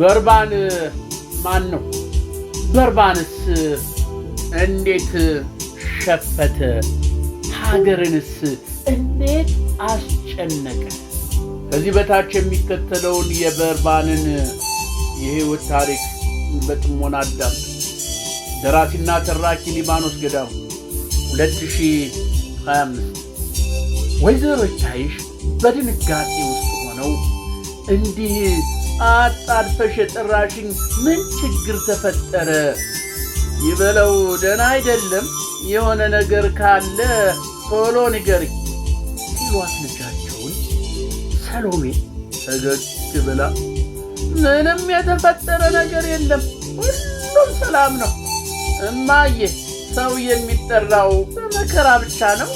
በርባን ማን ነው? በርባንስ እንዴት ሸፈተ? ሀገርንስ እንዴት አስጨነቀ? ከዚህ በታች የሚከተለውን የበርባንን የህይወት ታሪክ በጥሞና አዳም ደራሲና ተራኪ ሊባኖስ ገዳሙ 2025 ወይዘሮ ታይሽ በድንጋጤ ውስጥ ሆነው እንዲህ አጣድፈሽ የጠራሽኝ ምን ችግር ተፈጠረ? ይበለው ደህና አይደለም፣ የሆነ ነገር ካለ ቶሎ ንገር ሲሏት ልጃቸውን ሰሎሜ ፈገግ ብላ ምንም የተፈጠረ ነገር የለም፣ ሁሉም ሰላም ነው እማዬ። ሰው የሚጠራው በመከራ ብቻ ነው።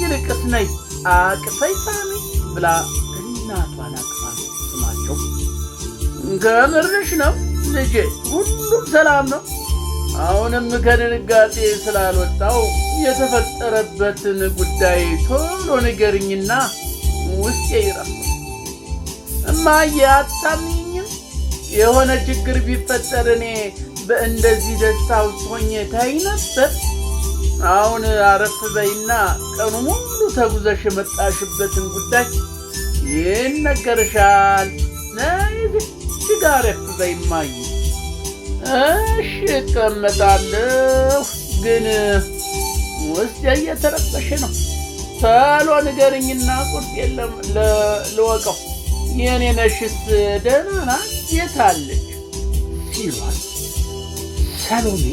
ይልቅስ ነይ አቅፈይ ሳሚ ብላ እናቷን ከምርሽ ነው ልጄ? ሁሉም ሰላም ነው። አሁንም ከድንጋጤ ስላልወጣው የተፈጠረበትን ጉዳይ ቶሎ ንገርኝና ውስጤ ይራፍ። እማዬ አታምኝም? የሆነ ችግር ቢፈጠር እኔ በእንደዚህ ደስታ ውስጥ ሆኜ ታይ ነበር። አሁን አረፍ በይና ቀኑ ሙሉ ተጉዘሽ የመጣሽበትን ጉዳይ ይነገርሻል። እዚህ ጋር ረፍ ማይ እሺ እቀመጣለሁ፣ ግን ውስጤ እየተረበሸ ነው። ቶሎ ንገርኝና ቁርጥ የለም ለወቀው የኔ ነሽስ ደህና ናት? የት አለች? ሲሏል ሰሎሜ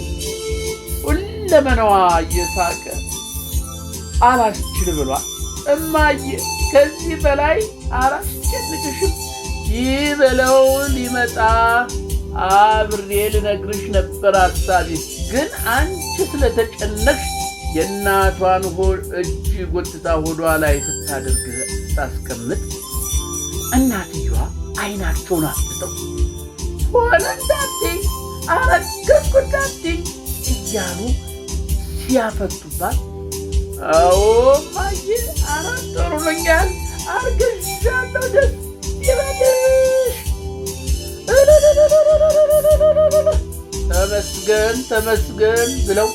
ሁለመናዋ እየሳቀ አላስችል ብሏል። እማዬ ከዚህ በላይ አላስጨንቅሽም ይህ ሊመጣ አብሬ ልነግርሽ ነበር አሳቢ ግን አንቺ ስለተጨነቅሽ የእናቷን እጅ ጎትታ ሆዷ ላይ ስታደርግ ስታስቀምጥ እናትየዋ አይናቸውን አፍጥጠው ሆነ እንዳቴ አረገዝኩ እንዳቴ እያሉ ሲያፈቱባት፣ አዎ ማየ አራት ወር ሆኖኛል ደስ ተመስገን ተመስገን ብለው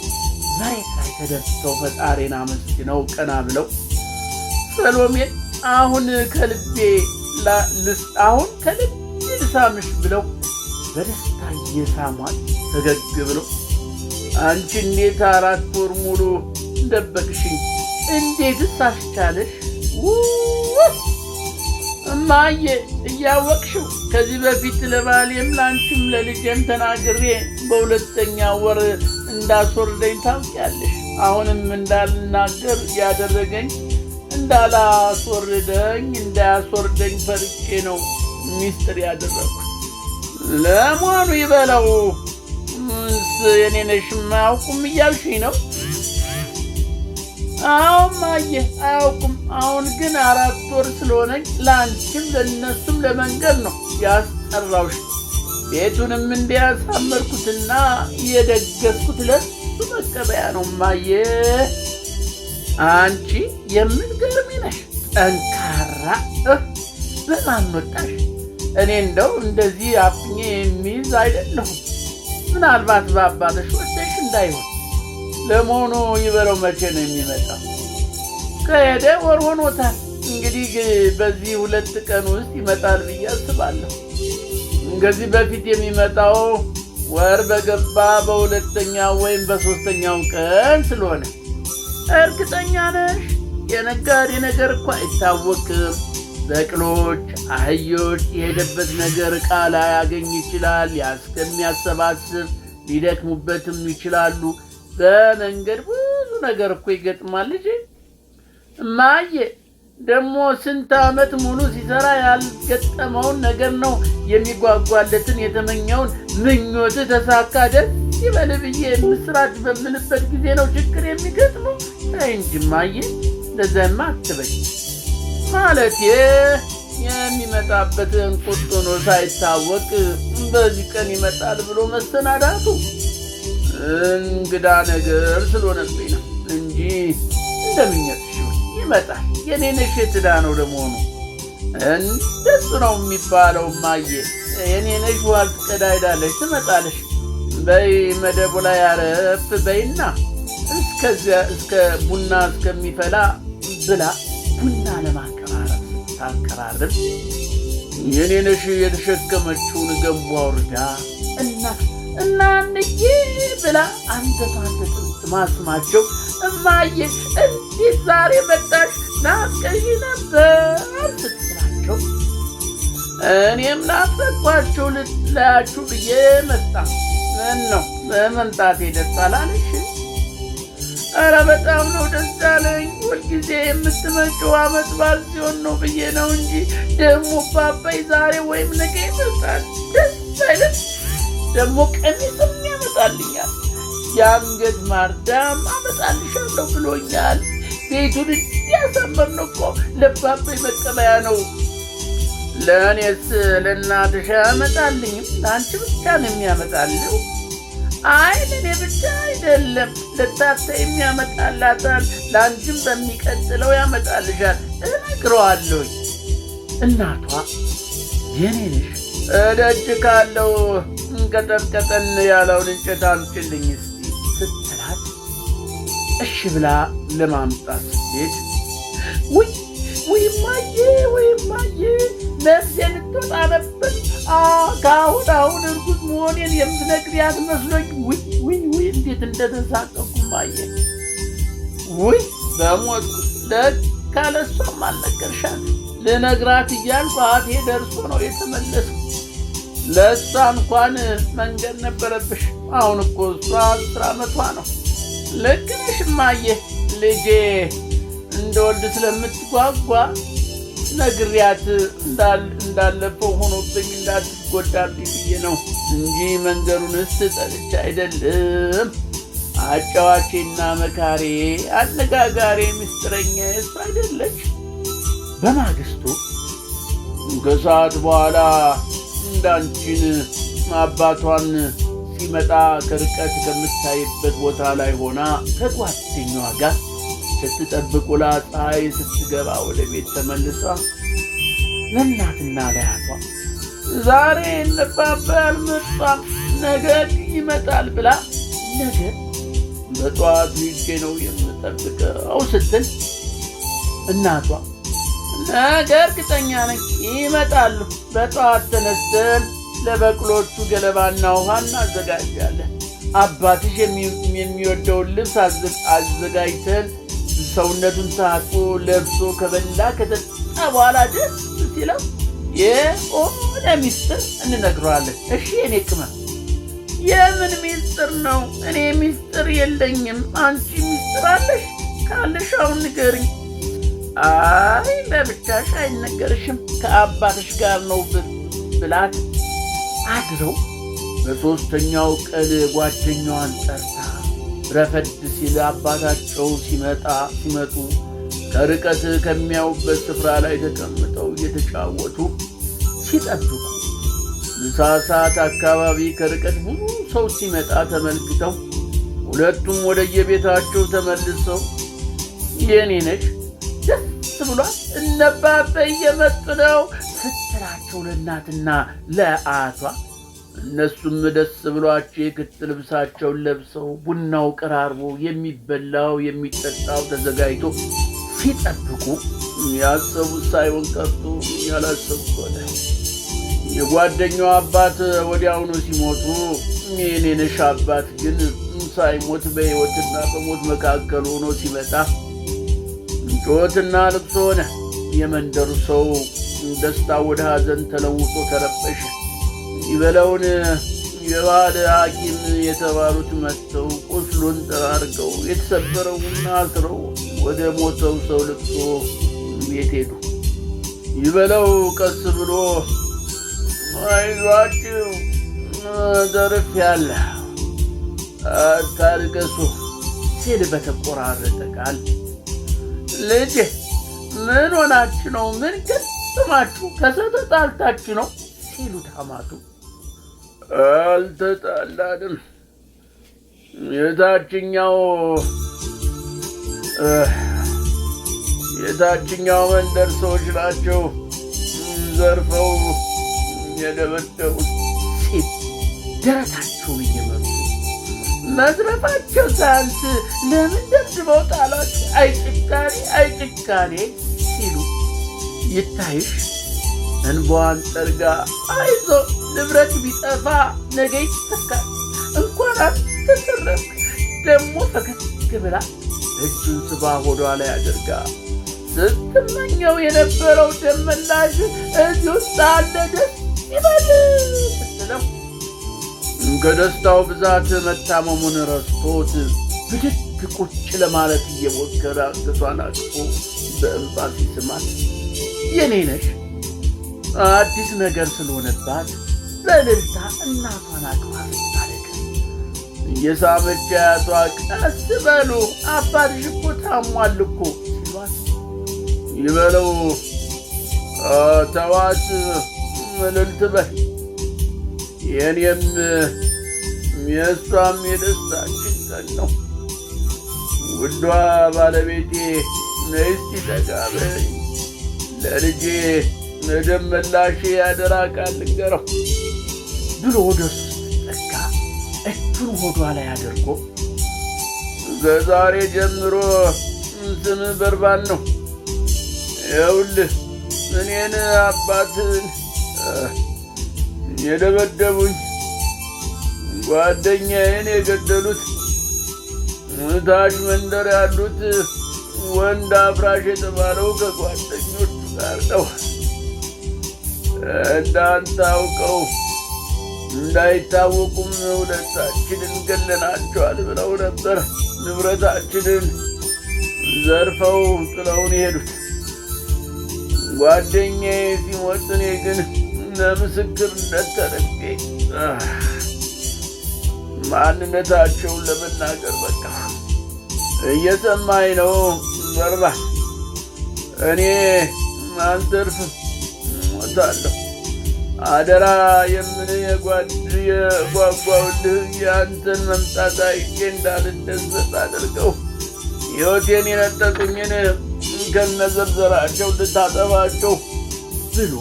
መሬት ላይ ተደስተው ፈጣሪን አመስግነው ቀና ብለው ሰሎሜን አሁን ከልቤ አሁን ከልቤ ልሳምሽ ብለው በደስታ እየሳሟል ፈገግ ብለው! አንቺ እንዴት አራት ወር ሙሉ ደበቅሽኝ እንዴትስ አስቻለሽ? እማዬ እያወቅሽው ከዚህ በፊት ለባሌም ላንቺም ለልጄም ተናግሬ በሁለተኛ ወር እንዳስወርደኝ ታውቂያለሽ። አሁንም እንዳልናገር ያደረገኝ እንዳላስወርደኝ እንዳያስወርደኝ ፈርቼ ነው ሚስጥር ያደረግኩት። ለመሆኑ ይበለው የኔ ነሽ እያልሽኝ ነው? አሁን ማየ አያውቁም። አሁን ግን አራት ወር ስለሆነኝ ለአንቺም ለእነሱም ለመንገድ ነው ያስጠራውሽ። ቤቱንም እንዲያሳመርኩትና የደገስኩት ለሱ መቀበያ ነው። ማየ አንቺ የምትገርሚ ነሽ፣ ጠንካራ በማን ወጣሽ? እኔ እንደው እንደዚህ አፍኜ የሚይዝ አይደለሁም። ምናልባት በአባትሽ ወደሽ እንዳይሆን ለመሆኑ ይበለው መቼ ነው የሚመጣው? ከሄደ ወር ሆኖታል። እንግዲህ በዚህ ሁለት ቀን ውስጥ ይመጣል ብዬ አስባለሁ። ከዚህ በፊት የሚመጣው ወር በገባ በሁለተኛው ወይም በሶስተኛው ቀን ስለሆነ እርግጠኛ ነሽ? የነጋዴ ነገር እኮ አይታወቅም። በቅሎች፣ አህዮች የሄደበት ነገር እቃ ላያገኝ ይችላል። ያስከሚያሰባስብ ሊደክሙበትም ይችላሉ። በመንገድ ብዙ ነገር እኮ ይገጥማል ልጄ። እማዬ ደግሞ ስንት ዓመት ሙሉ ሲሰራ ያልገጠመውን ነገር ነው የሚጓጓለትን የተመኘውን ምኞት ተሳካ ደስ ይበል ብዬ የምስራት በምንበት ጊዜ ነው ችግር የሚገጥመው። እንጂ እማዬ እንደዚያማ አትበይ ማለት የሚመጣበት ቁጥኖ ሳይታወቅ በዚህ ቀን ይመጣል ብሎ መሰናዳቱ እንግዳ ነገር ስለሆነብኝ ነው እንጂ እንደምኘትሽ ይመጣል። የኔነሽ የትዳ ነው ለመሆኑ? እንደሱ ነው የሚባለው። ማየ የኔነሽ ዋልት ቀዳ ሄዳለች፣ ትመጣለች። በይ መደቡ ላይ አረፍ በይና እስከዚያ እስከ ቡና እስከሚፈላ ብላ ቡና ለማቀራረብ ስታንከራርብ የኔነሽ የተሸከመችውን ገንቧ ውርዳ እናት እናንዬ ብላ አንተቷን ስትማስማቸው እማዬ እንዴት ዛሬ መጣሽ? ናፍቀሽ ነበር ስትላቸው እኔም ናፈቅኳቸው ልላያችሁ ብዬ መጣ ምን ነው በመምጣቴ ደስ አላለሽ? ኧረ በጣም ነው ደስ አለኝ። ሁልጊዜ የምትመጪው አመት በዓል ሲሆን ነው ብዬ ነው እንጂ ደግሞ ባባይ ዛሬ ወይም ነገ ይመጣል። ደስ አይለት ደግሞ ቀሚስም ያመጣልኛል። የአንገት ማርዳም አመጣልሻለሁ ብሎኛል። ቤቱን ነው እኮ ለባበይ መቀበያ ነው። ለእኔስ ለእናትሽ ያመጣልኝም! ለአንቺ ብቻ ነው የሚያመጣልው። አይ ለእኔ ብቻ አይደለም፣ ለታተ የሚያመጣላታል፣ ለአንቺም በሚቀጥለው ያመጣልሻል እነግረዋለሁኝ። እናቷ የኔ ነሽ እደጅ ካለው ቀጠን ቀጠን ያለውን እንጨት አምጪልኝ እስቲ ስትላት እሺ ብላ ለማምጣት ስትሄድ ውይ ውይማዬ ውይማዬ ነፍሴ ልትወጣ ነበር። ከአሁን አሁን እርጉዝ መሆኔን የምትነግሪያት መስሎኝ ውይ ውይ ውይ እንዴት እንደተሳቀኩ ማየ ውይ በሞት ለካ ለሷም አልነገርሻት ልነግራት እያልኩ አፌ ደርሶ ነው የተመለስኩ። ለእሷ እንኳን መንገድ ነበረብሽ። አሁን እኮ እሷ አስር ዓመቷ ነው። ልክ ነሽ እማዬ፣ ልጄ እንደወልድ ስለምትጓጓ ነግሪያት እንዳለፈው ሆኖብኝ እንዳትጎዳብኝ ብዬ ነው እንጂ መንገዱንስ ጠልቼ አይደለም። አጫዋቼና መካሬ፣ አነጋጋሪ ምስጢረኛ ስ አይደለች። በማግስቱ ከሰዓት በኋላ እንዳንቺን አባቷን ሲመጣ ከርቀት ከምታይበት ቦታ ላይ ሆና ከጓደኛዋ ጋር ስትጠብቁ ውላ ፀሐይ ስትገባ ወደ ቤት ተመልሳ ለእናትና ለያቷ! ዛሬ እነባባ አልመጣም ነገ ይመጣል ብላ ነገ በጠዋት ይዤ ነው የምጠብቀው ስትል እናቷ ነገ እርግጠኛ ነኝ ይመጣሉ። በጠዋት ተነስተን ለበቅሎቹ ገለባና ውሃ እናዘጋጃለን። አባትሽ የሚወደውን ልብስ አዘጋጅተን ሰውነቱን ታጥቦ ለብሶ ከበላ ከጠጣ በኋላ ደስ ሲለው የሆነ ሚስጥር እንነግረዋለን። እሺ እኔ ቅመ የምን ሚስጥር ነው? እኔ ሚስጥር የለኝም። አንቺ ሚስጥር አለሽ? ካለሽ አሁን ንገሪኝ። አይ ለብቻሽ አይነገርሽም ከአባትሽ ጋር ነው ብላት አድረው በሦስተኛው ቀን ጓደኛዋን ጠርታ ረፈድ ሲል አባታቸው ሲመጣ ሲመጡ ከርቀት ከሚያዩበት ስፍራ ላይ ተቀምጠው እየተጫወቱ ሲጠብቁ ምሳ ሰዓት አካባቢ ከርቀት ብዙ ሰው ሲመጣ ተመልክተው ሁለቱም ወደየቤታቸው ተመልሰው የኔ ነች ብሏል። እነባበ እየመጡ ነው ስትላቸው ለእናትና ለአቷ እነሱም ደስ ብሏቸው የክት ልብሳቸውን ለብሰው ቡናው ቀራርቦ የሚበላው የሚጠጣው ተዘጋጅቶ ሲጠብቁ ያሰቡት ሳይሆን ቀርቶ ያላሰቡት ሆነ። የጓደኛው አባት ወዲያውኑ ሲሞቱ የኔነሽ አባት ግን ሳይሞት በሕይወትና በሞት መካከል ሆኖ ሲመጣ ጩኸትና ልቅሶ ሆነ። የመንደሩ ሰው ደስታ ወደ ሐዘን ተለውጦ ተረበሸ። ይበለውን የባህል ሐኪም የተባሉት መጥተው ቁስሉን ጠራርገው የተሰበረውና አስረው ወደ ሞተው ሰው ልቅሶ ቤት ሄዱ። ይበለው ቀስ ብሎ አይዟችሁ ያለ አታልቅሱ ሲል በተቆራረጠ ቃል ልጄ ምን ሆናችሁ ነው? ምን ገጥማችሁ? ከሰተጣልታችሁ ነው ሲሉ ታማቱ አልተጣላንም የታችኛው የታችኛው መንደር ሰዎች ናቸው ዘርፈው የደበደቡት ሲል ደረታቸው መዝረፋቸው ሳያንስ ለምን ደብድበው ጣሏት? አይ ጭካኔ፣ አይ ጭካኔ ሲሉ ይታይሽ እንቧን ጠርጋ አይዞ ንብረት ቢጠፋ ነገ ይተካል፣ እንኳን አትተረፍ። ደግሞ ፈከክ ብላ እጁን ስባ ሆዷ ላይ አድርጋ ስትመኘው የነበረው ደመላሽ እዚህ ውስጥ አለ። ደስ ይበል ስትለው ከደስታው ብዛት መታመሙን ረስቶት ብድግ ቁጭ ለማለት እየሞከረ አንገቷን አቅፎ በእንባ ሲስማት የኔ ነሽ አዲስ ነገር ስለሆነባት በእልልታ እናቷን አቅፋ ታደግ የሳመች አያቷ ቀስ በሉ አባትሽ እኮ ታሟል እኮ ሲሏት ይበለው ተዋት እልልት በል የእኔም የእሷም የደስታችን ቀን ነው። ውዷ ባለቤቴ ነይስቲ ተጋበኝ፣ ለልጄ መደመላሽ ያደራ ቃል ልንገረው ብሎ ወደ እሱ ጠጋ። እጁን ሆዷ ላይ አድርጎ ከዛሬ ጀምሮ ስም በርባን ነው። ይኸውልህ እኔን አባትን የደበደቡኝ ጓደኛዬን የገደሉት ታች መንደር ያሉት ወንድ አፍራሽ የተባለው ከጓደኞች ጋር ነው። እንዳንታውቀው አውቀው እንዳይታወቁም ሁለታችንን ገለናቸዋል ብለው ነበር። ንብረታችንን ዘርፈው ጥለውን ሄዱት። ጓደኛዬ ሲሞት እኔ ግን ለምስክርነት ተርጌ ማንነታቸውን ለመናገር በቃ እየሰማኝ ነው። በርባ እኔ አንተርፍ ሞታለሁ። አደራ የምን የጓጓውልህ የአንተን መምጣት አይቼ እንዳልደሰት አድርገው ሕይወቴን የነጠቁኝን ከነዘርዘራቸው ልታጠባቸው ብሎ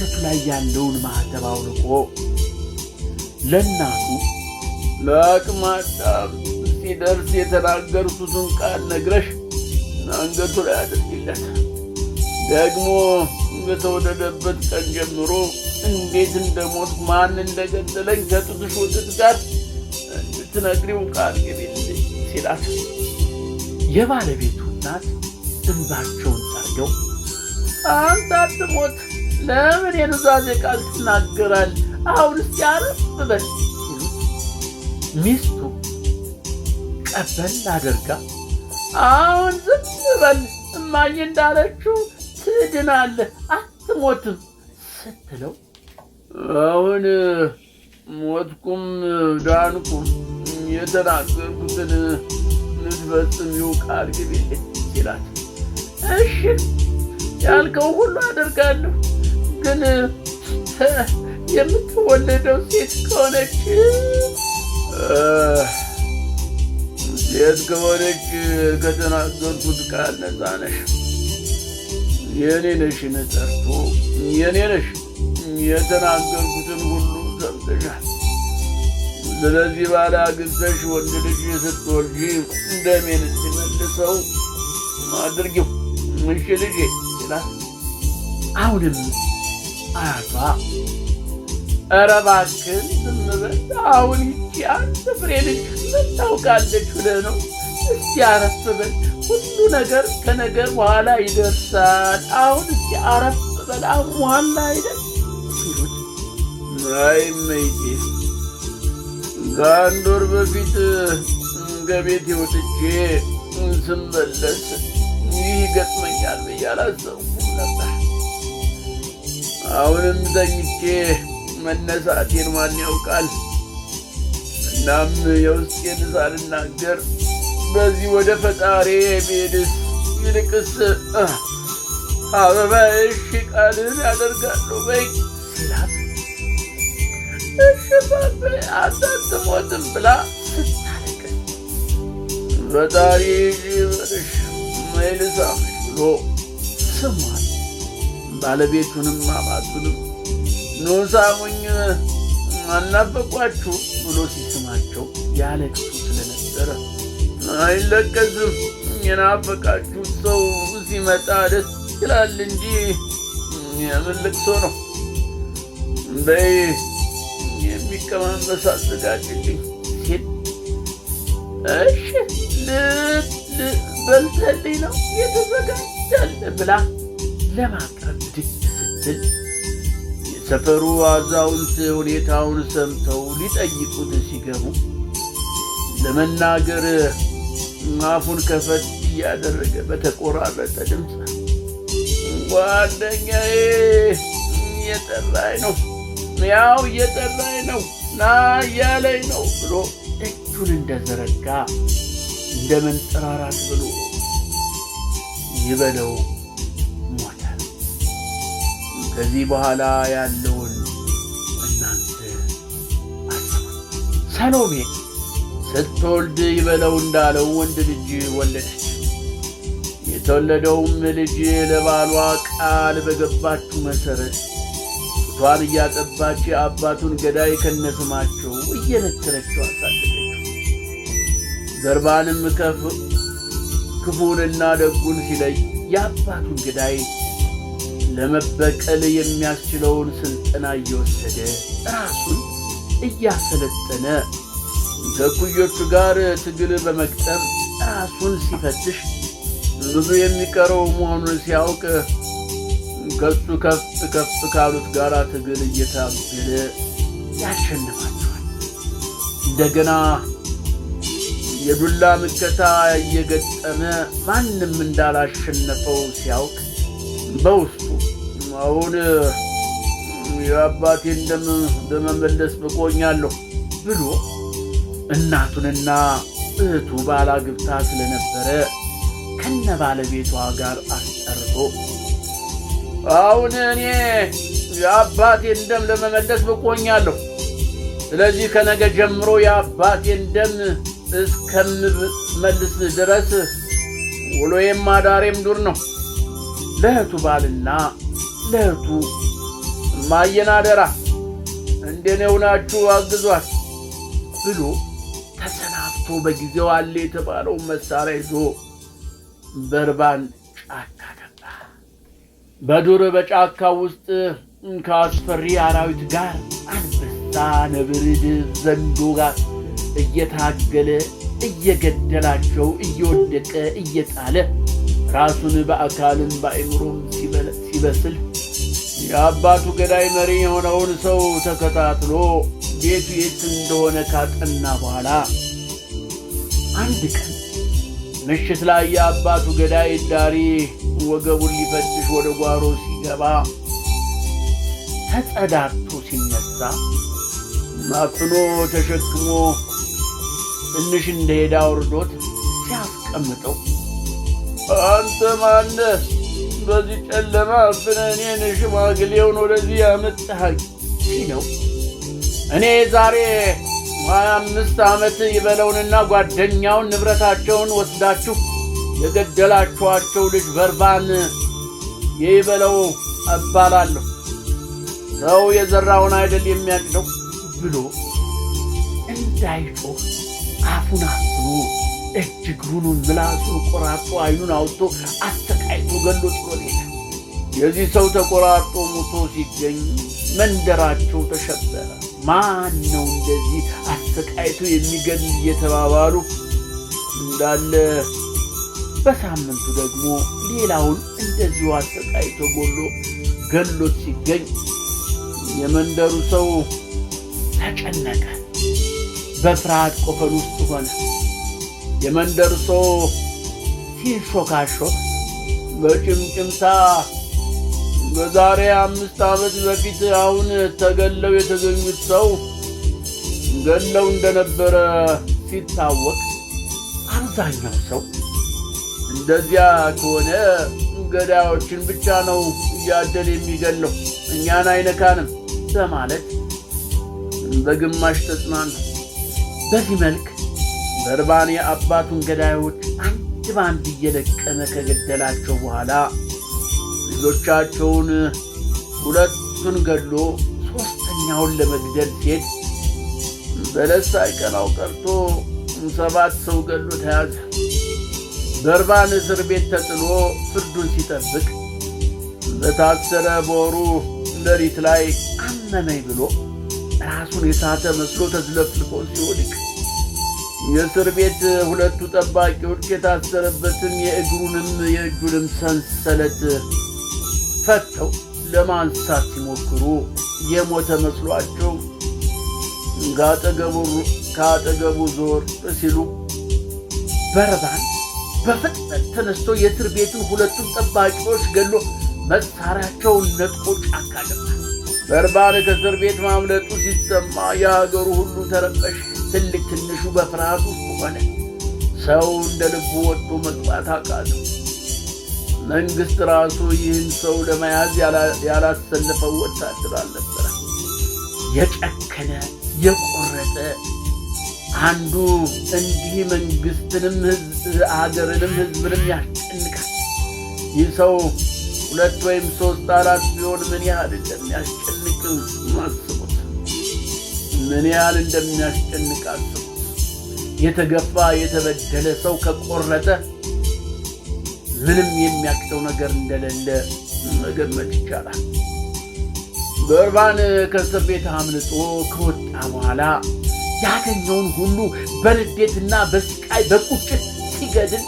በወተቱ ላይ ያለውን ማህተብ አውልቆ ለእናቱ ለአቅመ አዳም ሲደርስ የተናገርኩትን ቃል ነግረሽ አንገቱ ላይ አድርጊለት። ደግሞ በተወለደበት ቀን ጀምሮ እንዴት እንደሞት ማን እንደገደለኝ ከጡትሽ ወተት ጋር እንድትነግሪው ቃል ግቢል ሲላት የባለቤቱ እናት እንባቸውን ታርገው አንተ አትሞት ለምን የኑዛዜ ቃል ትናገራል? አሁን እስቲ አረፍ በል ሚስቱ ቀበል አድርጋ አሁን ዝም በል እማኝ እንዳለችው ትድናለህ፣ አትሞትም ስትለው አሁን ሞትኩም ዳንኩም የተናገርኩትን ይው ቃል ግቢልኝ ይላል። እሺ ያልከው ሁሉ አደርጋለሁ ግን የምትወለደው ሴት ከሆነች ሴት ከሆነች ከተናገርኩት ቃል ነፃ ነሽ። የኔ ነሽ፣ ነጠርቶ የኔ ነሽ። የተናገርኩትን ሁሉ ሰምተሻል። ስለዚህ ባለ አግብተሽ ወንድ ልጅ ስትወልጂ እንደሜን እንዲመልሰው አድርጊው። እሺ ልጄ ይላል አሁንም አያቷ ኧረ እባክህን ዝም በል አሁን ይቺ ምን ታውቃለች ብለህ ነው? እስቲ አረፍ በል ሁሉ ነገር ከነገ በኋላ ይደርሳል። አሁን እስቲ አረፍ በል አሟላ አይደል አይ ከአንድ ወር በፊት ወጥቼ ስመለስ ይህ ይገጥመኛል ብዬ አላሰብኩም ነበር። አሁንም ተኝቼ መነሳቴን ማን ያውቃል? እናም የውስጤን ሳልናገር በዚህ ወደ ፈጣሪ ብሄድስ ይልቅስ አበባ እሺ ቃልን ያደርጋሉ በይ ሲላት እሺ አታትሞትም ብላ ስታለቅ ፈጣሪ ይበልሽ ብሎ ስሟል። ባለቤቱንም አባቱንም ኑሳሙኝ አናበቋችሁ አናፈቋችሁ ብሎ ሲስማቸው ያለቅሱ ስለነበረ አይለቀስም። የናፈቃችሁት ሰው ሲመጣ ደስ ይላል እንጂ የምን ልቅሶ ነው? በይ የሚቀማመስ አዘጋጅልኝ ሲል እሺ በልተልኝ ነው የተዘጋጃል ብላ ለማቅረብ ዝግጅት ስትል የሰፈሩ አዛውንት ሁኔታውን ሰምተው ሊጠይቁት ሲገቡ ለመናገር አፉን ከፈት እያደረገ በተቆራረጠ ድምፅ ጓደኛዬ እየጠራኝ ነው፣ ያው እየጠራኝ ነው፣ ና እያለኝ ነው ብሎ እጁን እንደዘረጋ እንደ መንጠራራት ብሎ ይበለው ከዚህ በኋላ ያለውን እናንተ ሰሎሜ ስትወልድ ይበለው እንዳለው ወንድ ልጅ ወለደች። የተወለደውም ልጅ ለባሏ ቃል በገባችሁ መሠረት ቷን እያጠባች የአባቱን ገዳይ ከነስማቸው እየነከረችው አሳደገችው። ዘርባንም ከፍ ክፉንና ደጉን ሲለይ የአባቱን ገዳይ ለመበቀል የሚያስችለውን ስልጠና እየወሰደ ራሱን እያሰለጠነ ከእኩዮቹ ጋር ትግል በመቅጠም ራሱን ሲፈትሽ ብዙ የሚቀረው መሆኑን ሲያውቅ ከሱ ከፍ ከፍ ካሉት ጋር ትግል እየታገለ ያሸንፋቸዋል። እንደገና የዱላ ምከታ እየገጠመ ማንም እንዳላሸነፈው ሲያውቅ በውስጡ አሁን የአባቴን ደም በመመለስ ብቆኛለሁ ብሎ እናቱንና እህቱ ባላግብታ ስለነበረ ከነ ባለቤቷ ጋር አስጠርቶ አሁን እኔ የአባቴን ደም ለመመለስ ብቆኛለሁ። ስለዚህ ከነገ ጀምሮ የአባቴን ደም እስከምመልስ ድረስ ውሎዬም አዳሬም ዱር ነው። ለእህቱ ባልና ለእህቱ እማዬን አደራ እንደኔ ሁናችሁ አግዟት ብሎ ተሰናብቶ በጊዜው አለ የተባለውን መሳሪያ ይዞ በርባን ጫካ ገባ። በዱር በጫካ ውስጥ ከአስፈሪ አራዊት ጋር አንበሳ፣ ድብ፣ ዘንዶ ጋር እየታገለ እየገደላቸው እየወደቀ እየጣለ ራሱን በአካልን በአእምሮም ሲበስል የአባቱ ገዳይ መሪ የሆነውን ሰው ተከታትሎ ቤቱ የት እንደሆነ ካጠና በኋላ አንድ ቀን ምሽት ላይ የአባቱ ገዳይ ዳሪ ወገቡን ሊፈትሽ ወደ ጓሮ ሲገባ ተጸዳርቶ ሲነሳ ማክኖ ተሸክሞ ትንሽ እንደሄዳ አውርዶት ሲያስቀምጠው አንተ ማነህ በዚህ ጨለማ አፍነህ እኔን ሽማግሌውን ወደዚህ ያመጣኸኝ ነው። እኔ ዛሬ አምስት ዓመት ይበለውንና ጓደኛውን ንብረታቸውን ወስዳችሁ የገደላችኋቸው ልጅ በርባን የይበለው እባላለሁ። ሰው የዘራውን አይደል የሚያጭደው ብሎ እንዳይጮህ አፉን አስሩ እጅግሩኑን ምላሱን ቆራርጦ አይኑን አውጥቶ አሰቃይቶ ገሎት ጥሎት ሄደ። የዚህ ሰው ተቆራርጦ ሙቶ ሲገኝ መንደራቸው ተሸበረ። ማን ነው እንደዚህ አሰቃይቶ የሚገል እየተባባሉ እንዳለ በሳምንቱ ደግሞ ሌላውን እንደዚሁ አሰቃይቶ ጎሎ ገሎት ሲገኝ የመንደሩ ሰው ተጨነቀ፣ በፍርሃት ቆፈን ውስጥ ሆነ። የመንደር ሰው ሲሾካሾክ በጭምጭምታ በዛሬ አምስት ዓመት በፊት አሁን ተገለው የተገኙት ሰው ገለው እንደነበረ ሲታወቅ አብዛኛው ሰው እንደዚያ ከሆነ ገዳዮችን ብቻ ነው እያደል የሚገለው እኛን አይነካንም በማለት በግማሽ ተጽናኑ። በዚህ መልክ በርባን የአባቱን ገዳዮች አንድ በአንድ እየለቀመ ከገደላቸው በኋላ ልጆቻቸውን ሁለቱን ገድሎ ሦስተኛውን ለመግደል ሲሄድ በለስ ሳይቀናው ቀርቶ ሰባት ሰው ገድሎ ተያዘ። በርባን እስር ቤት ተጥሎ ፍርዱን ሲጠብቅ በታሰረ በወሩ ሌሊት ላይ አመመኝ ብሎ ራሱን የሳተ መስሎ ተዝለፍልፎ ሲወድቅ የእስር ቤት ሁለቱ ጠባቂዎች የታሰረበትን የእግሩንም የእጁንም ሰንሰለት ፈተው ለማንሳት ሲሞክሩ የሞተ መስሏቸው ከአጠገቡ ዞር ሲሉ በርባን በፍጥነት ተነስቶ የእስር ቤቱን ሁለቱም ጠባቂዎች ገሎ መሳሪያቸውን ነጥቆ ጫካ ገባ። በርባን ከእስር ቤት ማምለጡ ሲሰማ የሀገሩ ሁሉ ተረበሸ። ትልቅ ትንሹ በፍርሃት ውስጥ ሆነ። ሰው እንደ ልቡ ወጥቶ መግባት አቃቱ። መንግሥት ራሱ ይህን ሰው ለመያዝ ያላሰለፈው ወታደር አልነበረ። የጨከነ የቆረጠ አንዱ እንዲህ መንግስትንም ሀገርንም ሕዝብንም ያስጨንቃል። ይህ ሰው ሁለት ወይም ሶስት አራት ቢሆን ምን ያህል እንደሚያስጨንቅ ምን ያህል እንደሚያስጨንቃቸው የተገፋ የተበደለ ሰው ከቆረጠ ምንም የሚያቅተው ነገር እንደሌለ መገመት ይቻላል። በርባን ከእስር ቤት አምልጦ ከወጣ በኋላ ያገኘውን ሁሉ በንዴትና በስቃይ በቁጭት ሲገድል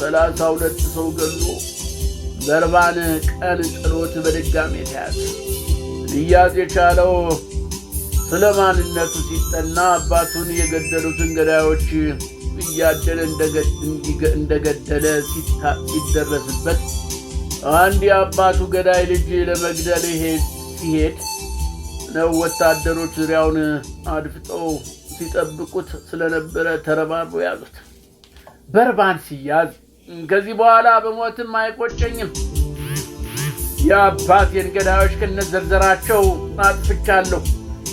ሰላሳ ሁለት ሰው ገሎ በርባን ቀን ጸሎት በድጋሜ ተያዘ። ልያዝ የቻለው ስለ ማንነቱ ሲጠና አባቱን የገደሉትን ገዳዮች እያደለ እንደገደለ ሲደረስበት አንድ የአባቱ ገዳይ ልጅ ለመግደል ሲሄድ ነው ወታደሮች ዙሪያውን አድፍጠው ሲጠብቁት ስለነበረ ተረባርቦ ያዙት። በርባን ሲያዝ ከዚህ በኋላ በሞትም አይቆጨኝም፣ የአባቴን ገዳዮች ከነዘርዘራቸው ዘርዘራቸው አጥፍቻለሁ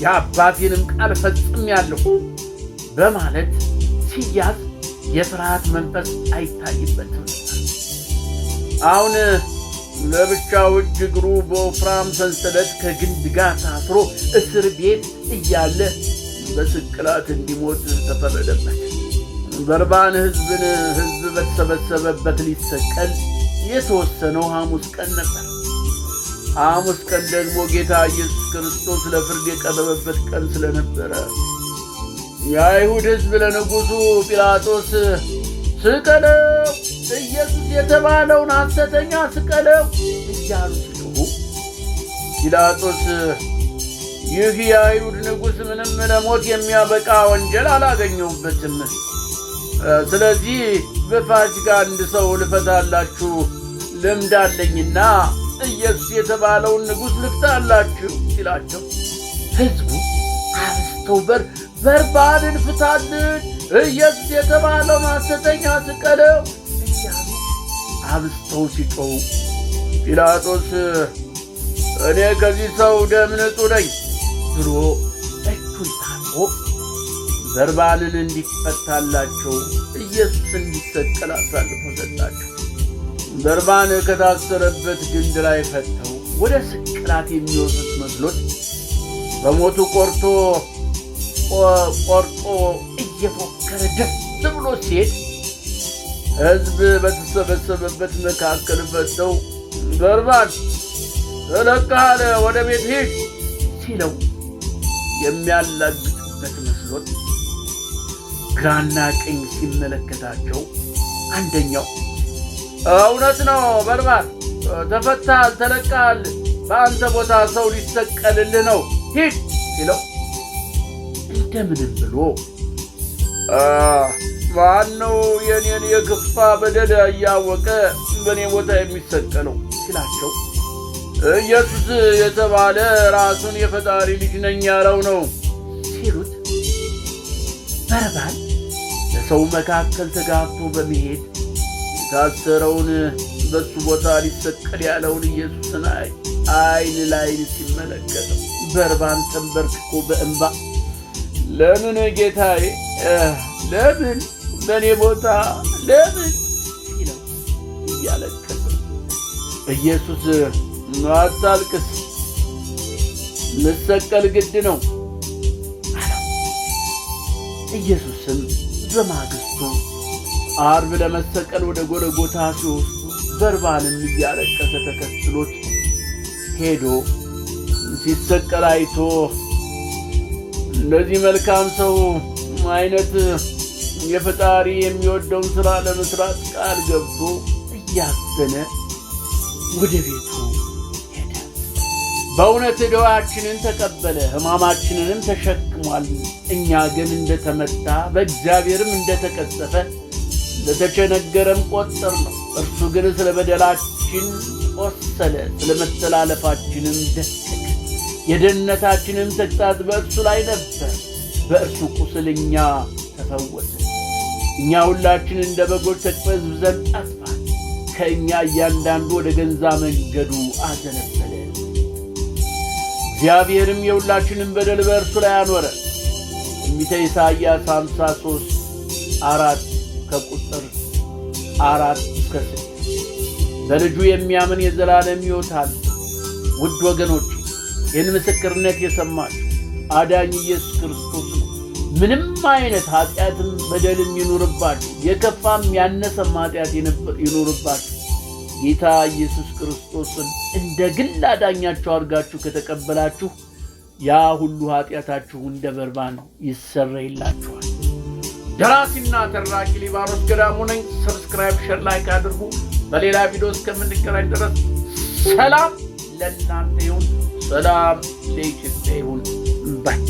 የአባቴንም ቃል ፈጽሜያለሁ በማለት ሲያዝ የፍርሃት መንፈስ አይታይበትም። አሁን ለብቻው እጅ እግሩ በወፍራም ሰንሰለት ከግንድ ጋር ታስሮ እስር ቤት እያለ በስቅላት እንዲሞት ተፈረደበት። በርባን ሕዝብን ሕዝብ በተሰበሰበበት ሊሰቀል የተወሰነው ሐሙስ ቀን ነበር። ሐሙስ ቀን ደግሞ ጌታ ኢየሱስ ክርስቶስ ለፍርድ የቀረበበት ቀን ስለነበረ የአይሁድ ሕዝብ ለንጉሡ ጲላጦስ ስቀለው፣ ኢየሱስ የተባለውን ሐሰተኛ ስቀለው እያሉ ሲጮኹ ጲላጦስ ይህ የአይሁድ ንጉሥ ምንም ለሞት የሚያበቃ ወንጀል አላገኘውበትም ስለዚህ በፋሲካ አንድ ሰው ልፈታላችሁ ልምድ አለኝና ኢየሱስ የተባለውን ንጉሥ ልፍታላችሁ ሲላቸው ሕዝቡ አብስተው በር በርባንን ፍታልን፣ ኢየሱስ የተባለው ማሰተኛ ስቀለው እያሉ አብዝተው ሲጮው ጲላጦስ እኔ ከዚህ ሰው ደም ንጹሕ ነኝ ብሎ እጁን ታጥቦ በርባንን እንዲፈታላቸው ኢየሱስ እንዲሰቀል አሳልፎ ሰጣቸው። በርባን ከታሰረበት ግንድ ላይ ፈተው ወደ ስቅላት የሚወስዱት መስሎት በሞቱ ቆርቶ ቆርጦ እየፎከረ ደስ ብሎ ሲሄድ ሕዝብ በተሰበሰበበት መካከል ፈተው በርባን ተለቀሃል፣ ወደ ቤት ሂድ ሲለው የሚያላግጡበት መስሎት ግራና ቀኝ ሲመለከታቸው አንደኛው እውነት ነው በርባር ተፈታ ተለቃል በአንተ ቦታ ሰው ሊሰቀልልህ ነው ሂድ ሲለው እንደምንም ብሎ ማነው የኔን የክፋ በደል እያወቀ በእኔ ቦታ የሚሰቀለው ሲላቸው ኢየሱስ የተባለ ራሱን የፈጣሪ ልጅ ነኝ ያለው ነው ሲሉት በርባን ለሰው መካከል ተጋብቶ በመሄድ የታሰረውን በሱ ቦታ ሊሰቀል ያለውን ኢየሱስን አይን ላይን ሲመለከት በርባን ተንበርክኮ በእንባ ለምን ጌታዬ፣ ለምን በእኔ ቦታ ለምን ሲለው እያለቀሰ ኢየሱስ አታልቅስ፣ ልሰቀል ግድ ነው። ኢየሱስም በማግስቱ አርብ ለመሰቀል ወደ ጎለጎታ ሲወስዱ በርባንም እያለቀሰ ተከትሎት ሄዶ ሲሰቀል አይቶ እንደዚህ መልካም ሰው አይነት የፈጣሪ የሚወደውን ሥራ ለመስራት ቃል ገብቶ እያዘነ ወደ ቤቱ ሄደ። በእውነት ደዋችንን ተቀበለ፣ ሕማማችንንም ተሸክሟል። እኛ ግን እንደተመታ በእግዚአብሔርም እንደተቀሰፈ ለተቸነገረም ቆጠር ነው። እርሱ ግን ስለ በደላችን ቆሰለ፣ ስለ መተላለፋችንም ደቀቀ። የደህንነታችንም ተግሣጽ በእርሱ ላይ ነበር፣ በእርሱ ቁስል እኛ እኛ ሁላችን እንደ በጎች ተቅበዝብዘን ጠፋን፣ ከእኛ እያንዳንዱ ወደ ገንዛ መንገዱ አዘነበለ። እግዚአብሔርም የሁላችንም በደል በእርሱ ላይ አኖረ። ትንቢተ ኢሳይያስ 53 አራት ከቁጥር አራት እስከ ስድስት በልጁ የሚያምን የዘላለም ሕይወት አለ። ውድ ወገኖች ይህን ምስክርነት የሰማችሁ አዳኝ ኢየሱስ ክርስቶስ ነው። ምንም አይነት ኃጢአትም በደልም ይኑርባችሁ፣ የከፋም ያነሰም ኃጢአት ይኑርባችሁ ጌታ ኢየሱስ ክርስቶስን እንደ ግል አዳኛችሁ አድርጋችሁ ከተቀበላችሁ ያ ሁሉ ኃጢአታችሁ እንደ በርባ ነው፣ ይሰረይላችኋል። ደራሲና ተራኪ ሊባኖስ ገዳሙ ነኝ። ሰብስክራይብ፣ ሸር፣ ላይክ አድርጉ። በሌላ ቪዲዮ እስከምንገናኝ ድረስ ሰላም ለእናንተ ይሁን። ሰላም ለኢትዮጵያ ይሁን ባይ